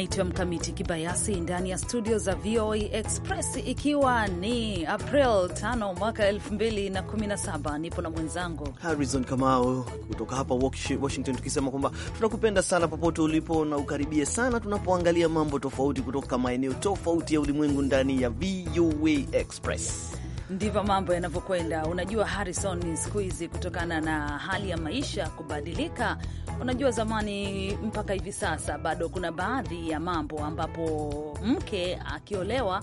Naitwa Mkamiti Kibayasi ndani ya studio za VOA Express, ikiwa ni April 5 mwaka 2017. Nipo na mwenzangu Harrison Kamau kutoka hapa Washington, tukisema kwamba tunakupenda sana popote ulipo na ukaribie sana tunapoangalia mambo tofauti kutoka maeneo tofauti ya ulimwengu ndani ya VOA Express. Ndivyo mambo yanavyokwenda. Unajua Harrison, siku hizi kutokana na hali ya maisha kubadilika, unajua zamani mpaka hivi sasa bado kuna baadhi ya mambo ambapo mke akiolewa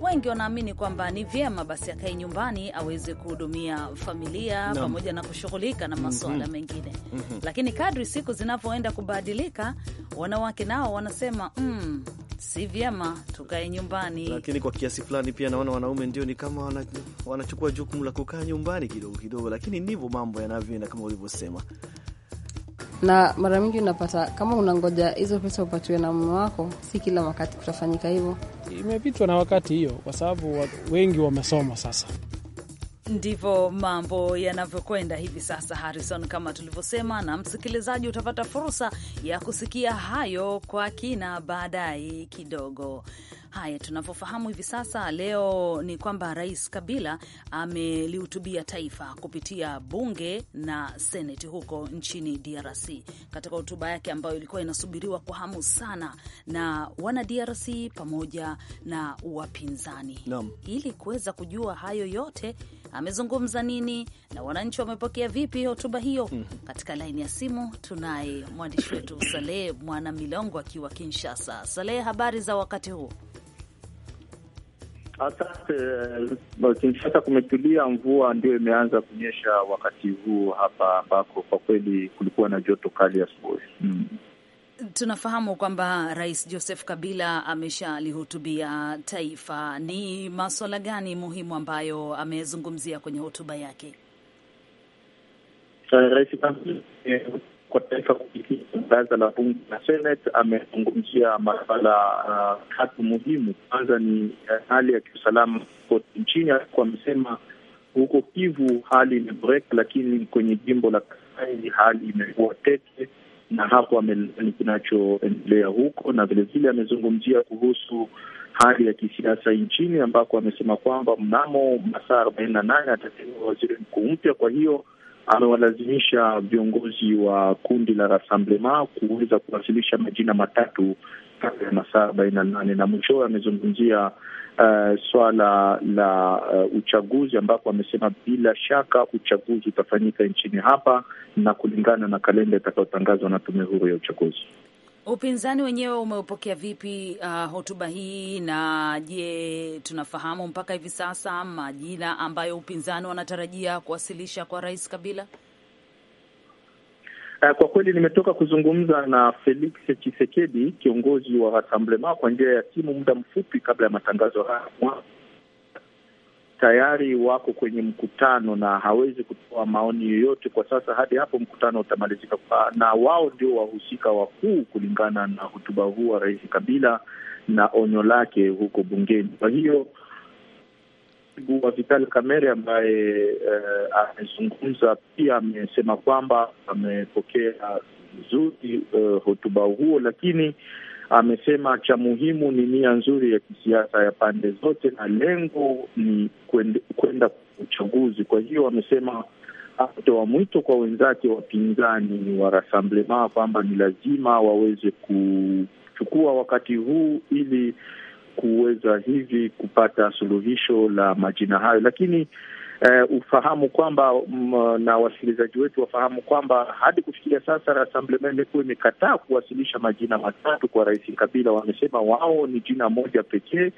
wengi wanaamini kwamba ni vyema basi akae nyumbani aweze kuhudumia familia no. pamoja na kushughulika na masuala mm -hmm. mengine mm -hmm. Lakini kadri siku zinavyoenda kubadilika, wanawake nao wanasema mm, si vyema tukae nyumbani. Lakini kwa kiasi fulani pia naona wanaume ndio ni kama wanachukua jukumu la kukaa nyumbani kidogo kidogo, lakini ndivyo mambo yanavyoenda kama ulivyosema na mara mingi unapata kama unangoja hizo pesa upatiwe na mume wako, si kila wakati kutafanyika hivyo. Imepitwa na wakati hiyo, kwa sababu wengi wamesoma sasa. Ndivyo mambo yanavyokwenda hivi sasa, Harrison, kama tulivyosema, na msikilizaji utapata fursa ya kusikia hayo kwa kina baadaye kidogo. Haya, tunavyofahamu hivi sasa leo ni kwamba Rais Kabila amelihutubia taifa kupitia bunge na seneti huko nchini DRC. Katika hotuba yake ambayo ilikuwa inasubiriwa kwa hamu sana na wana DRC pamoja na wapinzani, ili kuweza kujua hayo yote amezungumza nini na wananchi wamepokea vipi hotuba hiyo. mm -hmm. Katika laini ya simu tunaye mwandishi wetu Saleh Mwana Milongo akiwa Kinshasa. Saleh, habari za wakati huo Asante. Kinshasa kumetulia, mvua ndio imeanza kunyesha wakati huu hapa, ambako kwa kweli kulikuwa na joto kali asubuhi. mm -hmm. Tunafahamu kwamba Rais Joseph Kabila ameshalihutubia taifa. Ni maswala gani muhimu ambayo amezungumzia kwenye hotuba yake? Eh, Rais eh, kwa taifa kupitia baraza la bunge la Senate amezungumzia masuala uh, tatu muhimu. Kwanza ni eh, hali ya kiusalama kote nchini, alikuwa amesema huko Kivu hali imeboreka, lakini kwenye jimbo la Kasai hali imekuwa tete na hapo ameelezani kinachoendelea huko, na vilevile amezungumzia kuhusu hali ya kisiasa nchini ambako amesema kwamba mnamo masaa arobaini na nane atateua waziri mkuu mpya. Kwa hiyo amewalazimisha viongozi wa kundi la Rassemblement kuweza kuwasilisha majina matatu kabla ya masaa arobaini na nane na mwishowe amezungumzia uh, swala la uh, uchaguzi ambapo amesema bila shaka uchaguzi utafanyika nchini hapa na kulingana na kalenda itakayotangazwa na tume huru ya uchaguzi. Upinzani wenyewe umeupokea vipi uh, hotuba hii? Na je, tunafahamu mpaka hivi sasa majina ambayo upinzani wanatarajia kuwasilisha kwa Rais Kabila? Eh, kwa kweli nimetoka kuzungumza na Felix Chisekedi, kiongozi wa Rassemblement, kwa njia ya simu muda mfupi kabla ya matangazo haya. Tayari wako kwenye mkutano na hawezi kutoa maoni yoyote kwa sasa hadi hapo mkutano utamalizika, na wao ndio wahusika wakuu kulingana na hotuba huu wa Rais Kabila na onyo lake huko bungeni. Kwa hiyo katibu wa Vitali Kamere ambaye eh, amezungumza pia amesema kwamba amepokea vizuri eh, hotuba huo, lakini amesema cha muhimu ni nia nzuri ya kisiasa ya pande zote na lengo ni kwenda uchaguzi. Kwa hiyo amesema atoa mwito kwa wenzake wapinzani wa Rassemblement kwamba ni lazima waweze kuchukua wakati huu ili kuweza hivi kupata suluhisho la majina hayo, lakini eh, ufahamu kwamba mm, na wasikilizaji wetu wafahamu kwamba hadi kufikia sasa Rassemblement imekuwa imekataa kuwasilisha majina matatu kwa Rais Kabila. Wamesema wao ni jina moja pekee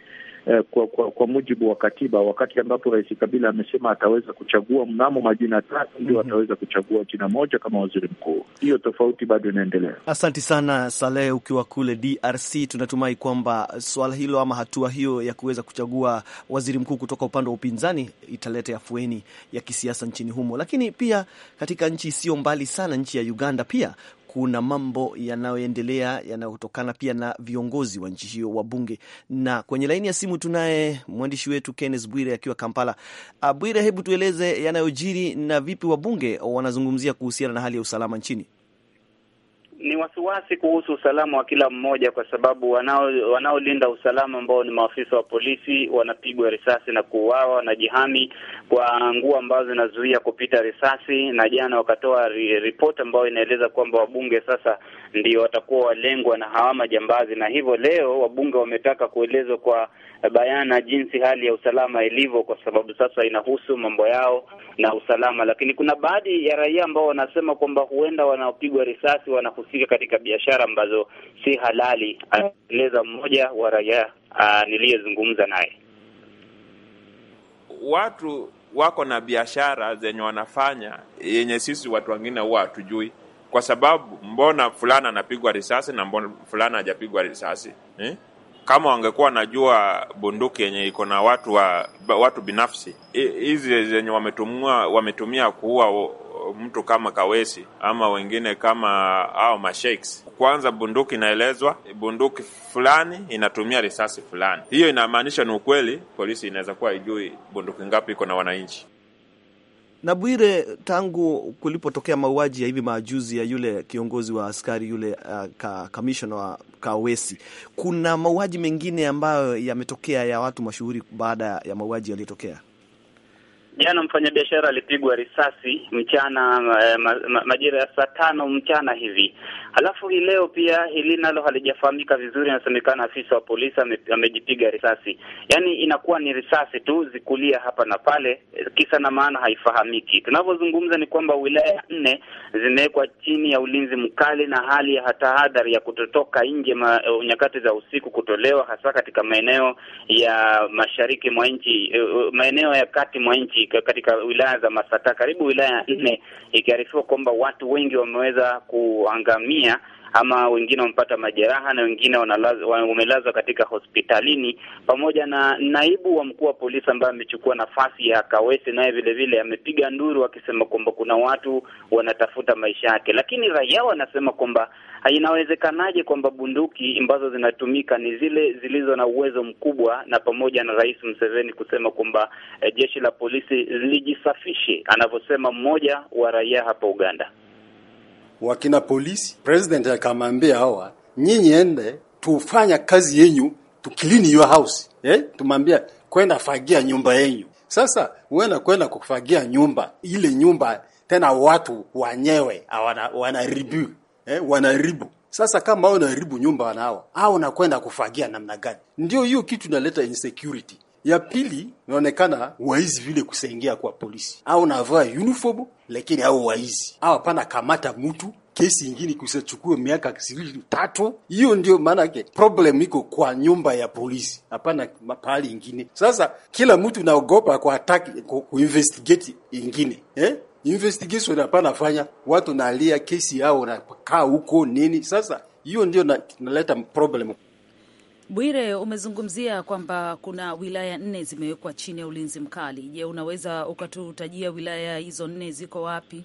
eh, kwa, kwa kwa mujibu wa katiba, wakati ambapo Rais Kabila amesema ataweza kuchagua mnamo majina tatu ndio mm -hmm. ataweza kuchagua jina moja kama waziri mkuu. Hiyo tofauti bado inaendelea. Asante sana Saleh, ukiwa kule DRC. Tunatumai kwamba swala hilo ama hatua hiyo ya kuweza kuchagua waziri mkuu kutoka upande wa upinzani italeta afueni ya kisiasa nchini humo, lakini pia katika nchi isiyo mbali sana, nchi ya Uganda pia kuna mambo yanayoendelea yanayotokana pia na viongozi wa nchi hiyo, bunge Na kwenye laini ya simu tunaye mwandishi wetu Kenneth Bwire akiwa Kampala. Ah, Bwire, hebu tueleze yanayojiri na vipi wabunge wanazungumzia kuhusiana na hali ya usalama nchini ni wasiwasi kuhusu usalama wa kila mmoja, kwa sababu wanao wanaolinda usalama ambao ni maafisa wa polisi wanapigwa risasi na kuuawa, wanajihami kwa nguo ambazo zinazuia kupita risasi, na jana wakatoa ripoti ambayo inaeleza kwamba wabunge sasa ndio watakuwa walengwa na hawa majambazi, na hivyo leo wabunge wametaka kuelezwa kwa bayana jinsi hali ya usalama ilivyo, kwa sababu sasa inahusu mambo yao na usalama. Lakini kuna baadhi ya raia ambao wanasema kwamba huenda wanaopigwa risasi wanahusika katika biashara ambazo si halali, anaeleza mmoja wa raia niliyezungumza naye. Watu wako na biashara zenye wanafanya yenye sisi watu wengine huwa hatujui, kwa sababu mbona fulana anapigwa risasi na mbona fulana hajapigwa risasi eh? Kama wangekuwa najua bunduki yenye iko na watu wa watu binafsi, hizi zenye wametumia wametumia kuua mtu kama Kawesi ama wengine kama au masheiks, kwanza bunduki inaelezwa bunduki fulani inatumia risasi fulani. Hiyo inamaanisha ni ukweli, polisi inaweza kuwa ijui bunduki ngapi iko na wananchi. Na Bwire, tangu kulipotokea mauaji ya hivi majuzi ya yule kiongozi wa askari yule uh, kamishona wa Kawesi, kuna mauaji mengine ambayo yametokea ya watu mashuhuri baada ya mauaji yaliyotokea Jana mfanyabiashara alipigwa risasi mchana, eh, ma, majira ya saa tano mchana hivi. Halafu hii leo pia hili nalo halijafahamika vizuri, inasemekana afisa wa polisi amejipiga risasi. Yaani inakuwa ni risasi tu zikulia hapa na pale, kisa na maana haifahamiki. Tunavyozungumza ni kwamba wilaya nne zimewekwa chini ya ulinzi mkali na hali ya tahadhari ya kutotoka nje eh, nyakati za usiku kutolewa, hasa katika maeneo ya mashariki mwa nchi, eh, maeneo ya kati mwa nchi katika wilaya za masata karibu wilaya nne, ikiarifiwa kwamba watu wengi wameweza kuangamia ama wengine wamepata majeraha na wengine wamelazwa katika hospitalini, pamoja na naibu wa mkuu wa polisi ambaye amechukua nafasi ya Kawese, naye vile vile amepiga nduru akisema kwamba kuna watu wanatafuta maisha yake. Lakini raia wanasema kwamba inawezekanaje kwamba bunduki ambazo zinatumika ni zile zilizo na uwezo mkubwa, na pamoja na Rais Museveni kusema kwamba eh, jeshi la polisi lijisafishe, anavyosema mmoja wa raia hapa Uganda wakina polisi. President akamwambia hawa, nyinyi ende tufanya kazi yenyu, tukilini your house eh, tumwambia kwenda fagia nyumba yenyu. Sasa wena kwenda kufagia nyumba ile nyumba tena, watu wanyewe wana, wanaribu eh, wanaribu sasa kama hao nyumba wanao au nakwenda kufagia namna gani? Ndio hiyo kitu inaleta insecurity. Ya pili inaonekana waizi vile kusaingia kwa polisi au navaa uniform, lakini au waizi au hapana kamata mtu kesi ingine kusachukua miaka ishirini tatu. Hiyo ndio maana yake problem iko kwa nyumba ya polisi, hapana mahali ingine. Sasa kila mtu naogopa kwa attack kuinvestigate ingine eh? Investigation hapana fanya watu nalia kesi yao nakaa huko nini. Sasa hiyo ndio naleta problem. Bwire, umezungumzia kwamba kuna wilaya nne zimewekwa chini ya ulinzi mkali. Je, unaweza ukatutajia wilaya hizo nne ziko wapi?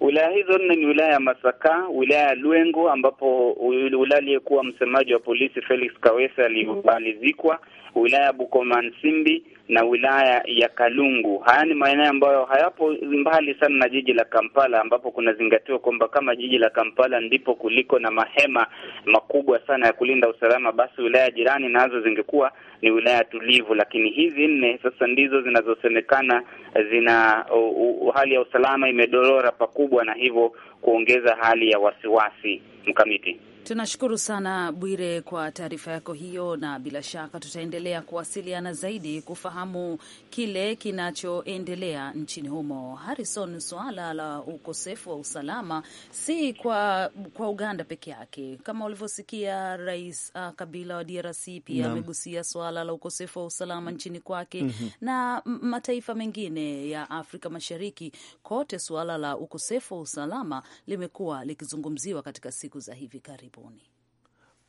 Wilaya hizo nne ni wilaya ya Masaka, wilaya ya Lwengo ambapo ula aliyekuwa msemaji wa polisi Felix Kawesa mm. alizikwa, wilaya ya Bukoma Nsimbi, na wilaya ya Kalungu. Haya ni maeneo ambayo hayapo mbali sana na jiji la Kampala, ambapo kunazingatiwa kwamba kama jiji la Kampala ndipo kuliko na mahema makubwa sana ya kulinda usalama, basi wilaya jirani nazo zingekuwa ni wilaya tulivu. Lakini hizi nne sasa ndizo zinazosemekana zina uh, uh, hali ya usalama imedorora pakubwa, na hivyo kuongeza hali ya wasiwasi mkamiti. Tunashukuru sana Bwire kwa taarifa yako hiyo, na bila shaka tutaendelea kuwasiliana zaidi kufahamu kile kinachoendelea nchini humo. Harrison, suala la ukosefu wa usalama si kwa kwa Uganda peke yake. Kama ulivyosikia Rais uh, Kabila wa DRC pia amegusia suala la ukosefu wa usalama nchini kwake mm -hmm. na mataifa mengine ya Afrika Mashariki kote, suala la ukosefu wa usalama limekuwa likizungumziwa katika siku za hivi karibuni.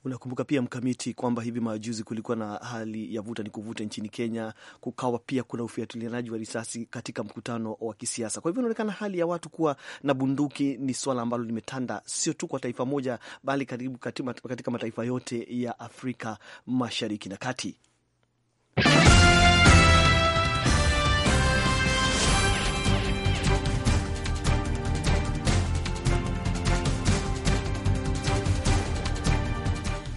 Unakumbuka pia Mkamiti, kwamba hivi majuzi kulikuwa na hali ya vuta ni kuvuta nchini Kenya, kukawa pia kuna ufuatilianaji wa risasi katika mkutano wa kisiasa. Kwa hivyo inaonekana hali ya watu kuwa na bunduki ni swala ambalo limetanda sio tu kwa taifa moja, bali karibu katika mataifa yote ya Afrika Mashariki na Kati.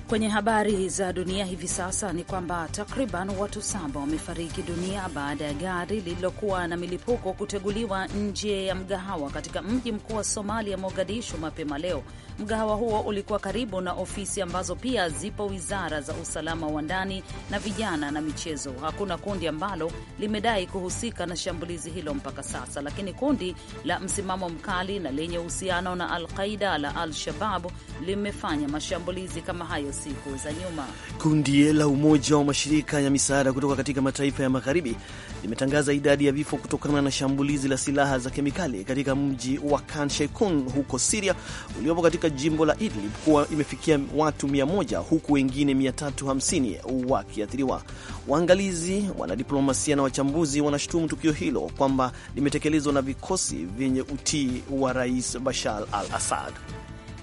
Kwenye habari za dunia hivi sasa ni kwamba takriban watu saba wamefariki dunia baada ya gari lililokuwa na milipuko kuteguliwa nje ya mgahawa katika mji mkuu wa Somalia, Mogadishu, mapema leo. Mgahawa huo ulikuwa karibu na ofisi ambazo pia zipo wizara za usalama wa ndani na vijana na michezo. Hakuna kundi ambalo limedai kuhusika na shambulizi hilo mpaka sasa, lakini kundi la msimamo mkali na lenye uhusiano na alqaida la Al Shababu limefanya mashambulizi kama hayo siku za nyuma. Kundi la Umoja wa Mashirika ya Misaada kutoka katika mataifa ya Magharibi limetangaza idadi ya vifo kutokana na shambulizi la silaha za kemikali katika mji wa Khan Sheikhoun huko Siria uliopo katika jimbo la Idlib kuwa imefikia watu 100 huku wengine 350 wakiathiriwa. Waangalizi, wanadiplomasia na wachambuzi wanashutumu tukio hilo kwamba limetekelezwa na vikosi vyenye utii wa Rais Bashar al-Assad.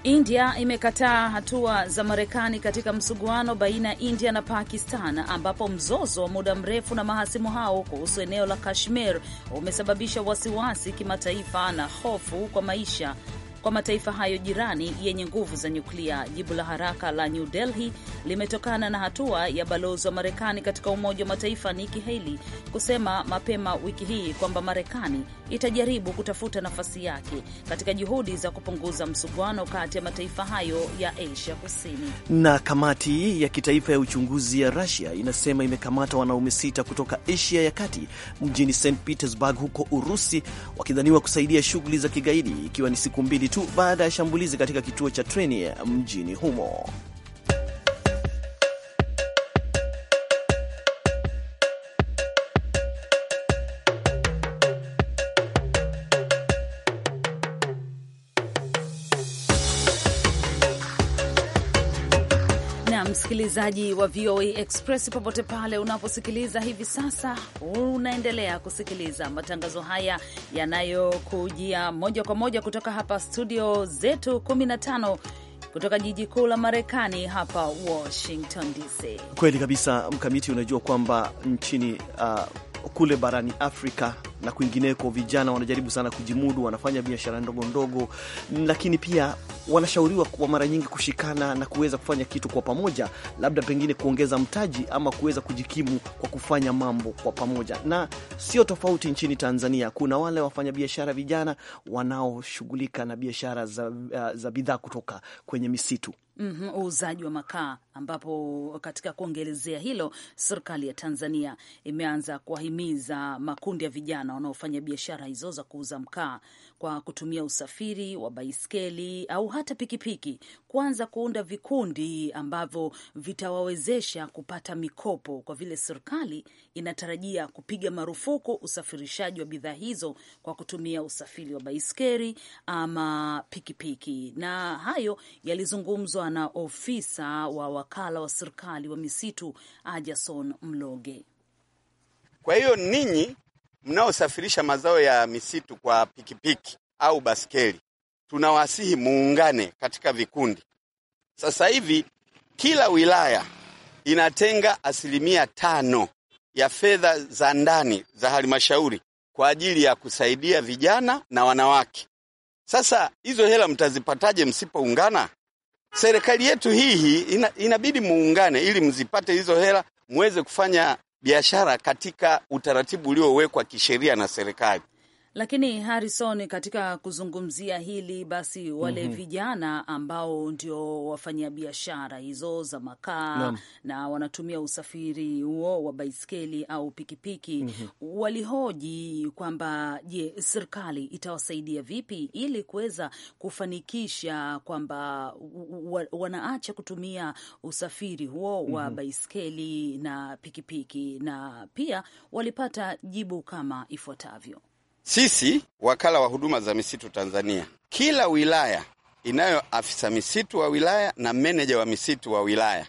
India imekataa hatua za Marekani katika msuguano baina ya India na Pakistan, ambapo mzozo wa muda mrefu na mahasimu hao kuhusu eneo la Kashmir umesababisha wasiwasi kimataifa na hofu kwa maisha kwa mataifa hayo jirani yenye nguvu za nyuklia. Jibu la haraka la New Delhi limetokana na hatua ya balozi wa Marekani katika Umoja wa Mataifa Nikki Haley kusema mapema wiki hii kwamba Marekani itajaribu kutafuta nafasi yake katika juhudi za kupunguza msuguano kati ya mataifa hayo ya Asia Kusini. Na kamati ya kitaifa ya uchunguzi ya Russia inasema imekamata wanaume sita kutoka Asia ya kati mjini St Petersburg huko Urusi, wakidhaniwa kusaidia shughuli za kigaidi, ikiwa ni siku mbili tu baada ya shambulizi katika kituo cha treni mjini humo. msikilizaji wa VOA Express popote pale unaposikiliza hivi sasa, unaendelea kusikiliza matangazo haya yanayokujia moja kwa moja kutoka hapa studio zetu 15 kutoka jiji kuu la Marekani hapa Washington DC. Kweli kabisa, Mkamiti, unajua kwamba nchini uh, kule barani Afrika na kwingineko, vijana wanajaribu sana kujimudu, wanafanya biashara ndogo ndogo, lakini pia wanashauriwa kwa mara nyingi kushikana na kuweza kufanya kitu kwa pamoja, labda pengine kuongeza mtaji ama kuweza kujikimu kwa kufanya mambo kwa pamoja. Na sio tofauti nchini Tanzania, kuna wale wafanyabiashara vijana wanaoshughulika na biashara za, eh, za bidhaa kutoka kwenye misitu mhm, uuzaji mm -hmm, wa makaa ambapo katika kuongelezea hilo serikali ya Tanzania imeanza kuwahimiza makundi ya vijana vijana wanaofanya biashara hizo za kuuza mkaa kwa kutumia usafiri wa baiskeli au hata pikipiki, kuanza kuunda vikundi ambavyo vitawawezesha kupata mikopo, kwa vile serikali inatarajia kupiga marufuku usafirishaji wa bidhaa hizo kwa kutumia usafiri wa baiskeli ama pikipiki. Na hayo yalizungumzwa na ofisa wa wakala wa serikali wa misitu Ajason Mloge. Kwa hiyo ninyi mnaosafirisha mazao ya misitu kwa pikipiki au baskeli, tunawasihi muungane katika vikundi. Sasa hivi kila wilaya inatenga asilimia tano ya fedha za ndani za halmashauri kwa ajili ya kusaidia vijana na wanawake. Sasa hizo hela mtazipataje msipoungana? Serikali yetu hii ina, inabidi muungane ili mzipate hizo hela mweze kufanya biashara katika utaratibu uliowekwa kisheria na serikali. Lakini Harrison, katika kuzungumzia hili basi, wale mm -hmm. vijana ambao ndio wafanya biashara hizo za makaa na, na wanatumia usafiri huo wa baiskeli au pikipiki mm -hmm. walihoji kwamba je, serikali itawasaidia vipi ili kuweza kufanikisha kwamba wanaacha kutumia usafiri huo wa mm -hmm. baiskeli na pikipiki, na pia walipata jibu kama ifuatavyo. Sisi wakala wa huduma za misitu Tanzania, kila wilaya inayo afisa misitu wa wilaya na meneja wa misitu wa wilaya.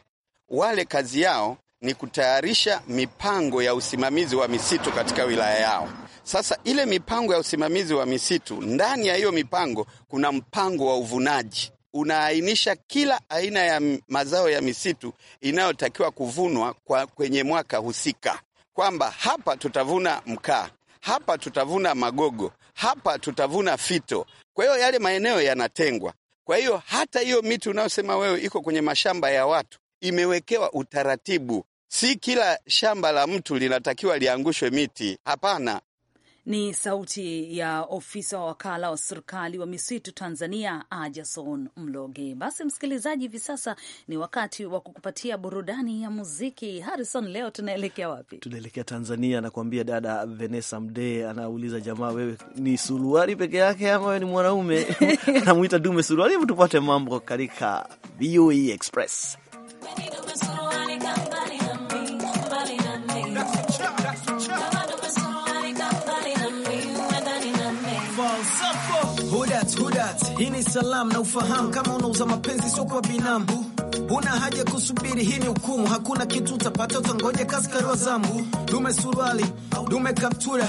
Wale kazi yao ni kutayarisha mipango ya usimamizi wa misitu katika wilaya yao. Sasa ile mipango ya usimamizi wa misitu, ndani ya hiyo mipango kuna mpango wa uvunaji unaainisha kila aina ya mazao ya misitu inayotakiwa kuvunwa kwa kwenye mwaka husika, kwamba hapa tutavuna mkaa, hapa tutavuna magogo, hapa tutavuna fito. Kwa hiyo yale maeneo yanatengwa. Kwa hiyo hata hiyo miti unayosema wewe iko kwenye mashamba ya watu imewekewa utaratibu. Si kila shamba la mtu linatakiwa liangushwe miti, hapana. Ni sauti ya ofisa wa wakala wa serikali wa misitu Tanzania, Ajason Mloge. Basi msikilizaji, hivi sasa ni wakati wa kukupatia burudani ya muziki. Harrison, leo tunaelekea wapi? Tunaelekea Tanzania. Nakuambia dada Vanessa Mdee anauliza, jamaa, wewe ni suruari peke yake ama wewe ni mwanaume? anamwita dume suruari. Hebu tupate mambo katika VOA e Express. Hudat, hudat, hii ni salamu na ufahamu. Kama unauza mapenzi sio kwa binamu, huna haja kusubiri, hii ni hukumu. Hakuna kitu utapata, utangoja kaskari wa zambu. Dume suruali, dume kaptura,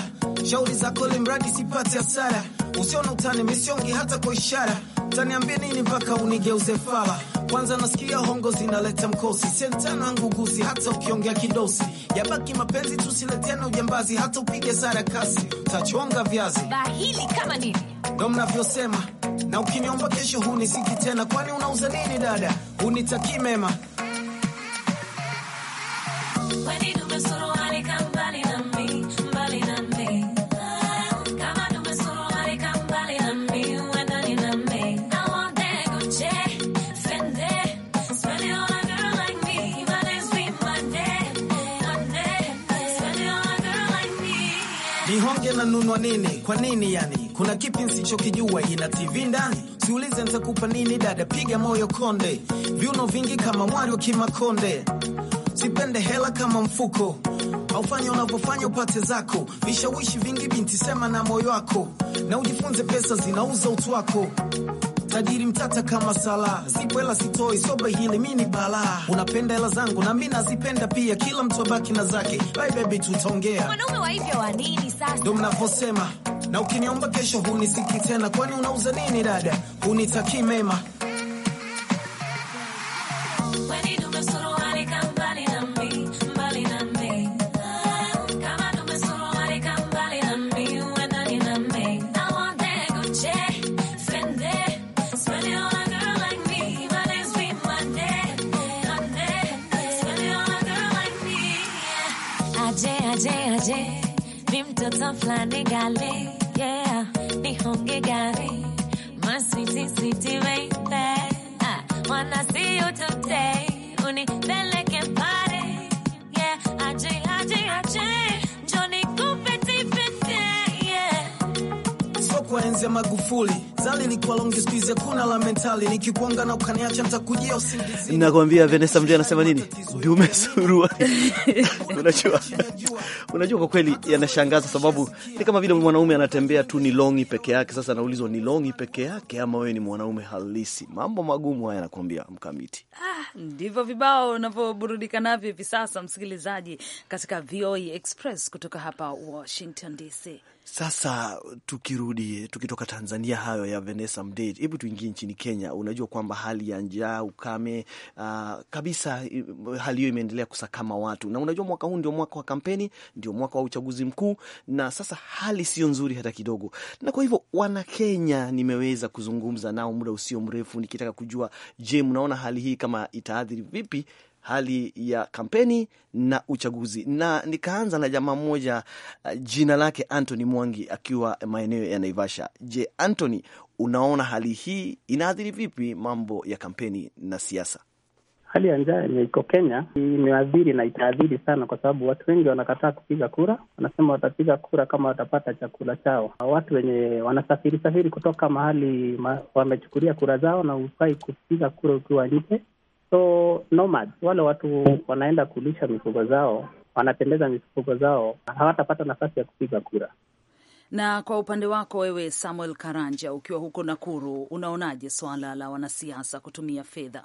shauri zako mradi sipate hasara. Usiona utani, misiongi hata kwa ishara, utaniambia nini mpaka unigeuze fala kwanza nasikia hongo zinaleta mkosi, sentana nguguzi hata ukiongea kidosi, yabaki mapenzi, tusiletena ujambazi, hata upige sara kasi, tachonga viazi bahili kama nini, ndo mnavyosema. Na ukiniomba kesho hunisiki tena, kwani unauza nini dada? Hunitakii mema nihonge na nunwa nini? Kwa nini yani? Kuna kipi nsichokijua? Ina TV ndani? Siulize ntakupa nini dada, piga moyo konde, viuno vingi kama mwari wa Kimakonde, sipende hela kama mfuko aufanya unavyofanya upate zako vishawishi vingi, binti, sema na moyo wako na ujifunze, pesa zinauza utu wako tajiri mtata kama sala, zipo hela sitoi, soba hili mini bala. Unapenda hela zangu na mimi nazipenda pia, kila mtu abaki na zake. Bye baby, tutaongea. Wanaume wa hivyo wa nini sasa? Ndio mnavyosema, na ukiniomba kesho hunisiki tena, kwani unauza nini dada? Unitakii mema aje aje aje ni mtoto fulani gale yeah nihonge gari masiti siti baby ah, wanna see you today unipeleke mapenzi ya Magufuli zali ni kwa long squeeze, kuna la mentali nikikuanga na ukaniacha nitakujia usingizi. Ninakwambia Vanessa mzee anasema nini? Dume suruali. Unajua, unajua kwa kweli yanashangaza, sababu ni kama vile mwanaume anatembea tu ni longi peke yake. Sasa anaulizwa ni longi peke yake ama wewe ni mwanaume halisi? Mambo magumu haya, nakwambia mkamiti. Ah, ndivyo vibao unavyoburudika navyo hivi sasa, msikilizaji, katika VOA e Express kutoka hapa Washington DC. Sasa tukirudi tukitoka Tanzania, hayo ya Vanessa Mdee, hebu tuingie nchini Kenya. Unajua kwamba hali ya njaa, ukame uh, kabisa, hali hiyo imeendelea kusakama watu, na unajua mwaka huu ndio mwaka wa kampeni, ndio mwaka wa uchaguzi mkuu, na sasa hali sio nzuri hata kidogo. Na kwa hivyo Wanakenya nimeweza kuzungumza nao muda usio mrefu nikitaka kujua, je, mnaona hali hii kama itaathiri vipi hali ya kampeni na uchaguzi, na nikaanza na jamaa mmoja uh, jina lake Anthony Mwangi akiwa maeneo ya Naivasha. Je, Anthony, unaona hali hii inaathiri vipi mambo ya kampeni na siasa? Hali ya njaa yenye iko Kenya imeadhiri na itaadhiri sana, kwa sababu watu wengi wanakataa kupiga kura. Wanasema watapiga kura kama watapata chakula chao. Watu wenye wanasafiri safiri kutoka mahali ma, wamechukulia kura zao, na hufai kupiga kura ukiwa nje. So nomads, wale watu wanaenda kulisha mifugo zao, wanatembeza mifugo zao, hawatapata nafasi ya kupiga kura. Na kwa upande wako wewe Samuel Karanja, ukiwa huko Nakuru, unaonaje swala la wanasiasa kutumia fedha?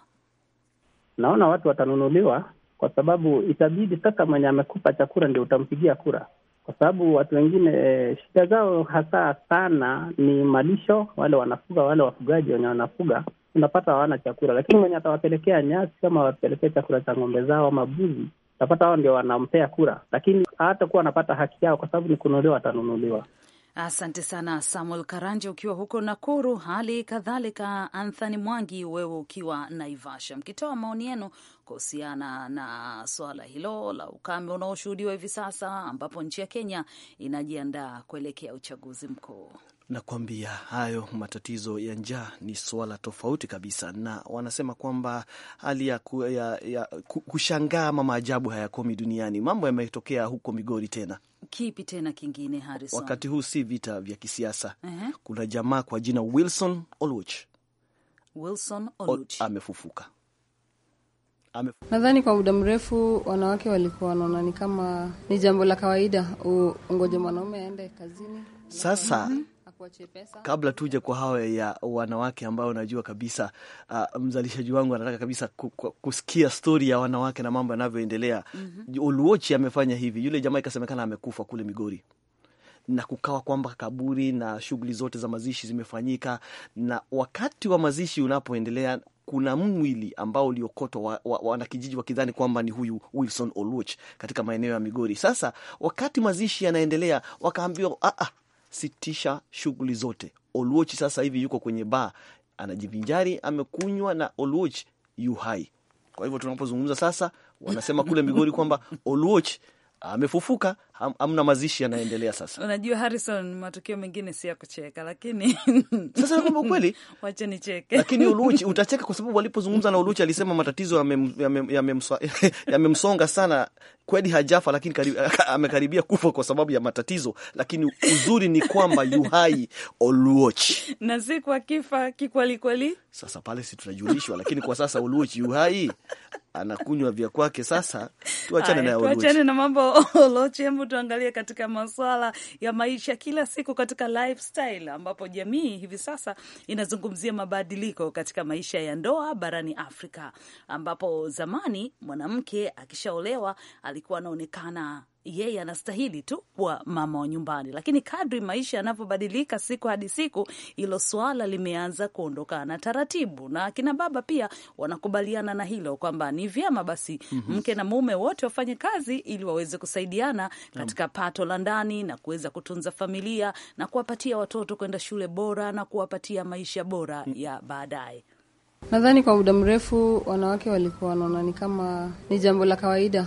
Naona watu watanunuliwa, kwa sababu itabidi sasa mwenye amekupa chakula ndio utampigia kura, kwa sababu watu wengine e, shida zao hasa sana ni malisho, wale wanafuga, wale wafugaji wenye wanafuga unapata hawana chakula, lakini mwenye atawapelekea nyasi kama awapelekee chakula cha ng'ombe zao ama mbuzi, utapata hao ndio wanampea kura, lakini hatakuwa wanapata haki yao, kwa sababu ni kununuliwa, atanunuliwa. Asante sana Samuel karanje ukiwa huko Nakuru, hali kadhalika Anthony Mwangi, wewe ukiwa Naivasha, mkitoa maoni yenu kuhusiana na swala hilo la ukame unaoshuhudiwa hivi sasa, ambapo nchi ya Kenya inajiandaa kuelekea uchaguzi mkuu. Nakwambia hayo matatizo ya njaa ni swala tofauti kabisa, na wanasema kwamba hali ya, ku, ya, ya kushangaa ama maajabu hayakomi duniani. Mambo yametokea huko Migori tena. Kipi tena kingine Harrison? Wakati huu si vita vya kisiasa uh -huh. Kuna jamaa kwa jina Wilson Oluch, Wilson Oluch amefufuka. Nadhani kwa muda mrefu wanawake walikuwa wanaona ni kama ni jambo la kawaida ungoje mwanaume aende kazini. Sasa mm -hmm kabla tuje kwa hawa ya wanawake ambao najua kabisa uh, mzalishaji wangu anataka kabisa kusikia stori ya wanawake na mambo yanavyoendelea. mm -hmm. Oluochi amefanya hivi, yule jamaa ikasemekana amekufa kule Migori na kukawa kwamba kaburi na shughuli zote za mazishi zimefanyika, na wakati wa mazishi unapoendelea kuna mwili ambao uliokotwa, wanakijiji wa, wa, wakidhani kwamba ni huyu Wilson Oluoch katika maeneo ya Migori. Sasa wakati mazishi yanaendelea, wakaambiwa ah, ah, sitisha shughuli zote. Oluoch sasa hivi yuko kwenye baa anajivinjari, amekunywa na Oluoch yu hai. Kwa hivyo tunapozungumza sasa, wanasema kule Migori kwamba Oluoch amefufuka ham, hamna mazishi yanaendelea sasa. Unajua Harrison, matukio mengine si ya kucheka, lakini sasa kwamba ukweli, wacha nicheke. Lakini Uluchi utacheka kwa sababu walipozungumza na Uluchi alisema matatizo yamemsonga yame, yame sana kweli hajafa lakini kari, amekaribia kufa kwa sababu ya matatizo, lakini uzuri ni kwamba yuhai Oluochi na si kwa kifa kikwelikweli. Sasa pale si tunajulishwa, lakini kwa sasa Oluoch yuhai anakunywa vya kwake. Sasa tuachane na Oluoch, tuachane na mambo hebu hebu tuangalie katika masuala ya maisha kila siku katika lifestyle, ambapo jamii hivi sasa inazungumzia mabadiliko katika maisha ya ndoa barani Afrika, ambapo zamani mwanamke akishaolewa alikuwa anaonekana yeye anastahili tu kuwa mama wa nyumbani, lakini kadri maisha yanavyobadilika siku hadi siku, hilo swala limeanza kuondokana taratibu, na akina baba pia wanakubaliana na hilo kwamba ni vyema basi mm -hmm. mke na mume wote wafanye kazi ili waweze kusaidiana katika pato la ndani na kuweza kutunza familia na kuwapatia watoto kwenda shule bora na kuwapatia maisha bora mm -hmm. ya baadaye. Nadhani kwa muda mrefu wanawake walikuwa wanaona ni kama ni jambo la kawaida,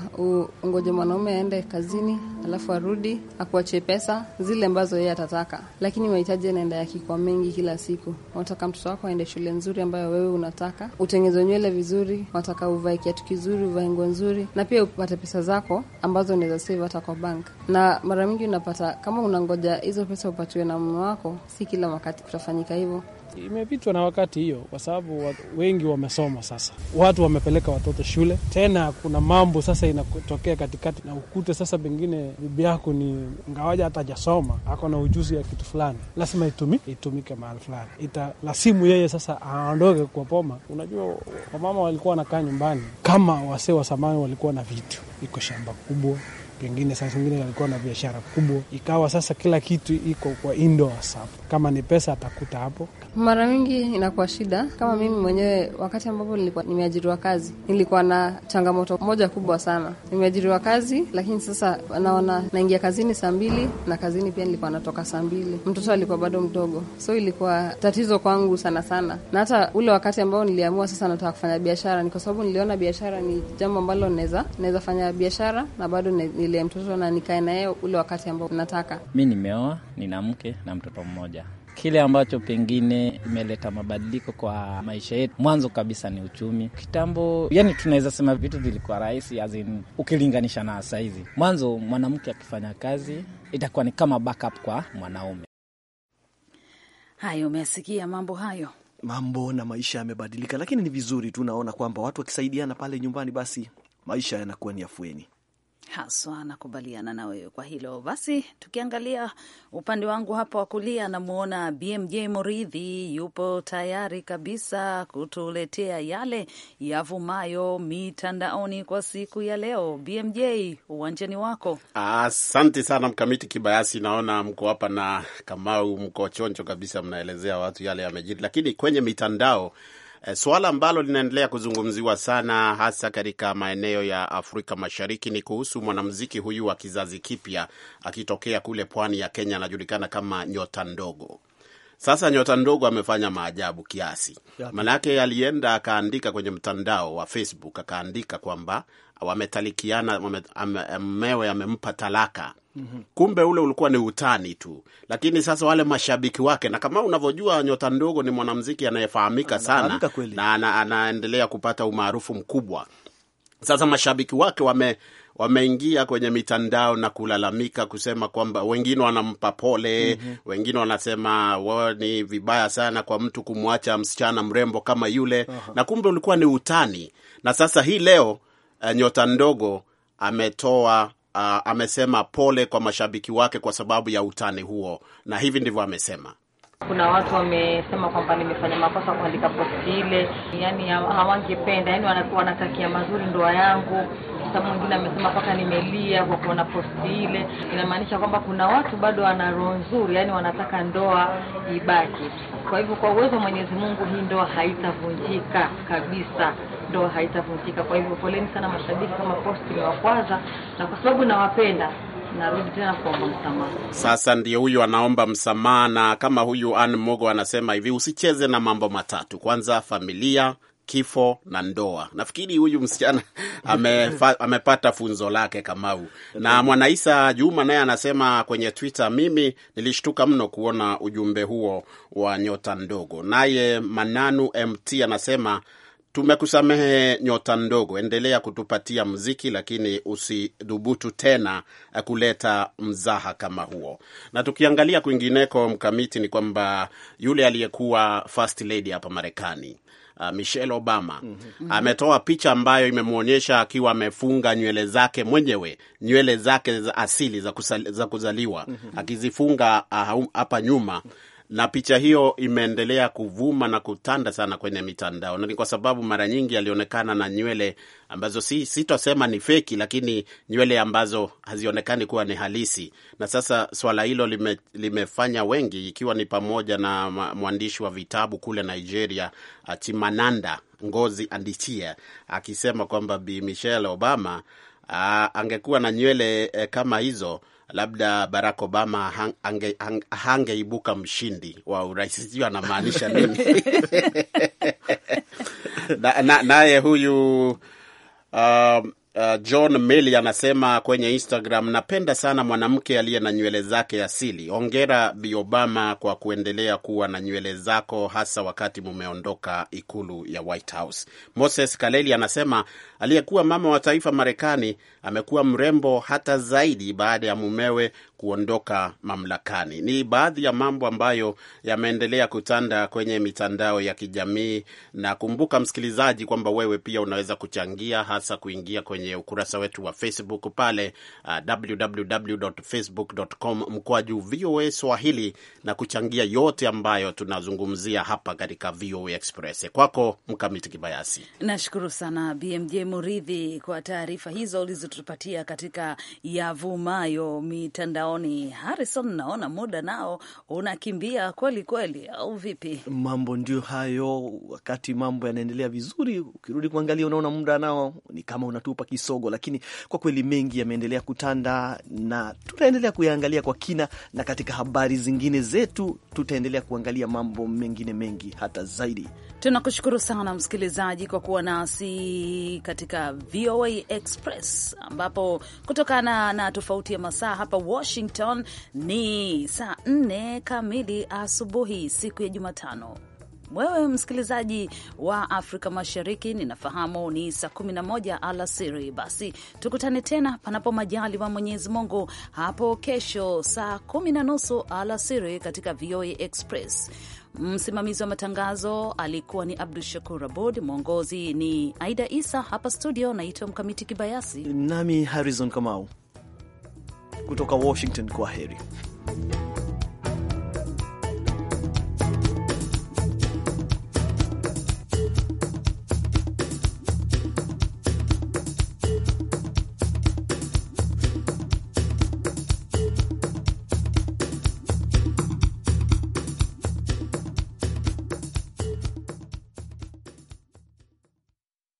ungoje mwanaume aende kazini alafu arudi akuachie pesa zile ambazo yeye atataka, lakini mahitaji yanaenda yakikuwa mengi kila siku. Wanataka mtoto wako aende shule nzuri ambayo wewe unataka, utengeze nywele vizuri, wanataka uvae kiatu kizuri, uvae nguo nzuri, na pia upate pesa zako ambazo unaweza save hata kwa bank. Na mara mingi unapata kama unangoja hizo pesa upatiwe na mume wako, si kila wakati kutafanyika hivyo imepitwa na wakati hiyo, kwa sababu wengi wamesoma sasa, watu wamepeleka watoto shule. Tena kuna mambo sasa inatokea katikati na ukute sasa, pengine bibi yako ni ngawaja hata jasoma, ako na ujuzi ya kitu fulani, lazima itumi itumike mahali fulani, italasimu yeye sasa aondoke kwa poma. Unajua wamama walikuwa wanakaa nyumbani, kama wasee wa zamani walikuwa na vitu, iko shamba kubwa pengine saa zingine alikuwa na biashara kubwa, ikawa sasa kila kitu iko kwa indoors hapo. Kama ni pesa atakuta hapo. Mara nyingi inakuwa shida. Kama mimi mwenyewe, wakati ambapo nilikuwa nimeajiriwa kazi, nilikuwa na changamoto moja kubwa sana. Nimeajiriwa kazi, lakini sasa naona naingia kazini saa mbili na kazini pia nilikuwa natoka saa mbili. Mtoto alikuwa bado mdogo, so ilikuwa tatizo kwangu sana sana, na hata ule wakati ambao niliamua sasa nataka kufanya biashara ni kwa sababu niliona biashara ni jambo ambalo naweza fanya biashara na bado ne, nilile mtoto na nikae naye ule wakati ambao nataka. Mi nimeoa, nina mke na mtoto mmoja. Kile ambacho pengine imeleta mabadiliko kwa maisha yetu, mwanzo kabisa ni uchumi. Kitambo yani, tunaweza sema vitu vilikuwa rahisi azin, ukilinganisha na sahizi. Mwanzo mwanamke akifanya kazi itakuwa ni kama backup kwa mwanaume. Hayo umeasikia mambo hayo mambo na maisha yamebadilika, lakini ni vizuri tu naona kwamba watu wakisaidiana pale nyumbani, basi maisha yanakuwa ni afueni. Haswa nakubaliana na wewe kwa hilo. Basi tukiangalia upande wangu hapa wa kulia, namwona BMJ Muridhi yupo tayari kabisa kutuletea yale yavumayo mitandaoni kwa siku ya leo. BMJ, uwanjani wako. Ah, asante sana Mkamiti Kibayasi, naona mko hapa na Kamau, mko chonjo kabisa, mnaelezea watu yale yamejiri, lakini kwenye mitandao Eh, suala ambalo linaendelea kuzungumziwa sana hasa katika maeneo ya Afrika Mashariki ni kuhusu mwanamuziki huyu wa kizazi kipya akitokea kule pwani ya Kenya, anajulikana kama Nyota Ndogo. Sasa Nyota Ndogo amefanya maajabu kiasi, maanake alienda akaandika kwenye mtandao wa Facebook akaandika kwamba wametalikiana, wame, mmewe amempa talaka Kumbe ule ulikuwa ni utani tu, lakini sasa wale mashabiki wake, na kama unavyojua Nyota Ndogo ni mwanamziki anayefahamika sana na ana, anaendelea kupata umaarufu mkubwa. Sasa mashabiki wake wame wameingia kwenye mitandao na kulalamika kusema kwamba wengine wanampa pole, mm -hmm. wengine wanasema wao ni vibaya sana kwa mtu kumwacha msichana mrembo kama yule. uh -huh. na kumbe ulikuwa ni utani, na sasa hii leo uh, nyota ndogo ametoa uh, amesema pole kwa mashabiki wake kwa sababu ya utani huo, na hivi ndivyo amesema. Kuna watu wamesema kwamba nimefanya makosa kuandika posti ile, yani hawangependa, yani wanatakia mazuri ndoa yangu. Sababu mwingine amesema mpaka nimelia kwa kuona posti ile. Inamaanisha kwamba kuna watu bado wana roho nzuri, yani wanataka ndoa ibaki. Kwa hivyo, kwa uwezo wa Mwenyezi Mungu, hii ndoa haitavunjika kabisa ndoa haitavunjika. Kwa hivyo poleni sana mashabiki, kama posti ni kwanza, na kwa sababu nawapenda Sasa ndio huyu anaomba msamaha, na kama huyu Ann Mogo anasema hivi, usicheze na mambo matatu, kwanza familia kifo na ndoa. Nafikiri huyu msichana amepata funzo lake Kamau. Na Mwanaisa Juma naye anasema kwenye Twitter, mimi nilishtuka mno kuona ujumbe huo wa nyota ndogo. Naye Mananu MT anasema Tumekusamehe nyota ndogo, endelea kutupatia mziki, lakini usidhubutu tena kuleta mzaha kama huo. Na tukiangalia kwingineko, mkamiti ni kwamba yule aliyekuwa first lady hapa Marekani Uh, Michelle Obama mm -hmm. ametoa picha ambayo imemwonyesha akiwa amefunga nywele zake mwenyewe, nywele zake za asili za, kusali, za kuzaliwa mm -hmm. akizifunga uh, hapa uh, nyuma na picha hiyo imeendelea kuvuma na kutanda sana kwenye mitandao, na ni kwa sababu mara nyingi alionekana na nywele ambazo si sitosema ni feki, lakini nywele ambazo hazionekani kuwa ni halisi. Na sasa swala hilo lime, limefanya wengi, ikiwa ni pamoja na mwandishi wa vitabu kule Nigeria uh, Chimamanda Ngozi Adichie akisema kwamba Bi Michelle Obama a, uh, angekuwa na nywele e, kama hizo labda Barack Obama hange, hange, hangeibuka mshindi wa urais. Sijui anamaanisha nini naye na, na huyu um, uh, John Meli anasema kwenye Instagram, napenda sana mwanamke aliye na nywele zake asili. Ongera Bi Obama kwa kuendelea kuwa na nywele zako, hasa wakati mumeondoka ikulu ya White House. Moses Kaleli anasema aliyekuwa mama wa taifa Marekani amekuwa mrembo hata zaidi baada ya mumewe kuondoka mamlakani. Ni baadhi ya mambo ambayo yameendelea kutanda kwenye mitandao ya kijamii, na kumbuka msikilizaji, kwamba wewe pia unaweza kuchangia, hasa kuingia kwenye ukurasa wetu wa Facebook pale uh, www.facebook.com mkwaju VOA Swahili na kuchangia yote ambayo tunazungumzia hapa katika VOA Express. Kwako Mkamiti Kibayasi. Nashukuru sana BMJ Muridhi kwa taarifa hizo ulizotupatia katika yavumayo mitandao yao ni Harrison, naona muda nao unakimbia kweli kweli, au vipi? Mambo ndio hayo, wakati mambo yanaendelea vizuri, ukirudi kuangalia unaona muda nao ni kama unatupa kisogo, lakini kwa kweli mengi yameendelea kutanda na tutaendelea kuyaangalia kwa kina, na katika habari zingine zetu tutaendelea kuangalia mambo mengine mengi hata zaidi. Tunakushukuru sana msikilizaji kwa kuwa nasi katika VOA Express, ambapo kutokana na tofauti ya masaa hapa Washington Washington ni saa nne kamili asubuhi, siku ya Jumatano. Wewe msikilizaji wa Afrika Mashariki, ninafahamu ni saa 11 alasiri. Basi tukutane tena panapo wa Mwenyezi Mungu hapo kesho saa kumi na nusu alasiri katika VOA Express. Msimamizi wa matangazo alikuwa ni Abdu Shakur Abud, mwongozi ni Aida Isa. Hapa studio naitwa Mkamiti Kibayasi nami Harrison Kamau kutoka Washington, kwa heri.